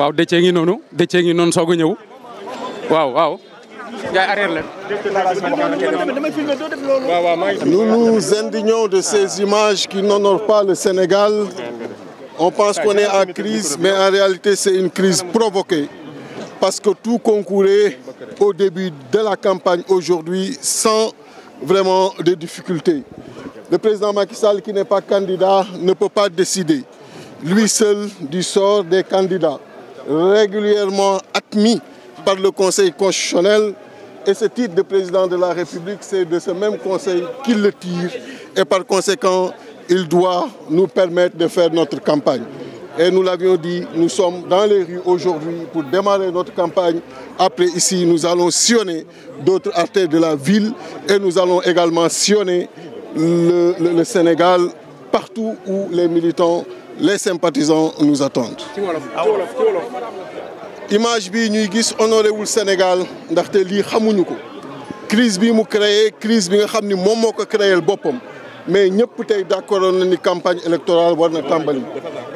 waaw dëccee ngi noonu dëccee noonu soog a ñëw waaw waaw. Nous pas en crise, mais en réalité c'est une crise provoquée. Parce que tout concourait au début campagne aujourd'hui sans vraiment de difficultés. Le président Macky Sall qui régulièrement admis par le Conseil constitutionnel et ce titre de président de la République, c'est de ce même Conseil qu'il le tire et par conséquent, il doit nous permettre de faire notre campagne. Et nous l'avions dit, nous sommes dans les rues aujourd'hui pour démarrer notre campagne. Après ici, nous allons sillonner d'autres artères de la ville et nous allons également sillonner le, Sénégal partout où les militants les sympathisants nous attendent image bi ñuy gis honoré Sénégal ndaxte lii xamuñu ko crise bi mu créer crise bi nga xam ni moom moo ko créel boppam mais ñëpp tey d'accord na ni campagne électorale war na tàmbali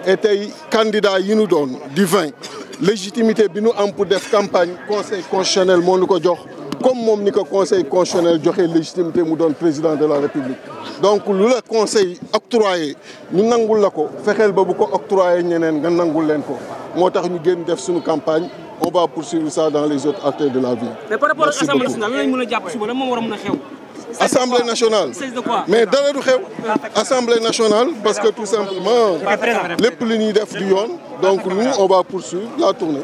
et tey candidat yi nu doon di vingt légitimité bi nu am pour def campagne conseil constitutionnel moo nu ko jox comme moom ni ko conseil constitutionnel joxe légitimité mu doon président de la république donc lu la conseil octroyé ñu nangul la ko fexeel ba bu ko octroyé ñeneen nga nangul leen ko moo tax ñu génn def suñu campagne on va poursuivre ça dans les autres acteurs de la vie. mais par assemblée nationale mais dara du xew. assemblée nationale parce que tout simplement lépp li ñuy def du yoon. donc nous on va poursuivre la tournée.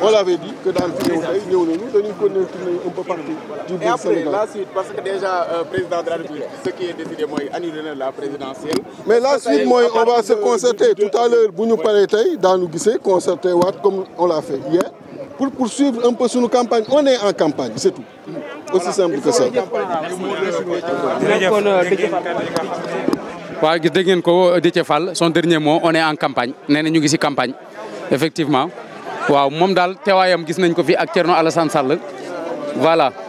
on l'avait dit que daan fi ñëw tey ñëw nañu dañuy continuer tournée un du biir Sénégal la parce que déjà euh, la République ce la présidentielle. mais la suite mooy on va se concerter tout à l'heure bu ñu paree tey daanu gisee concerter waat comme on l'a fait hier pour poursuivre un peu suñu campagne on est en campagne c'est tout. aussi simple que ça. waaw gis dégg ngeen ko Déthié Fall son dernier moo on en campagne nee na ñu ngi si campagne effectivement waaw moom daal teewaayam gis nañ ko fi ak Thierno Alassane Sall voilà.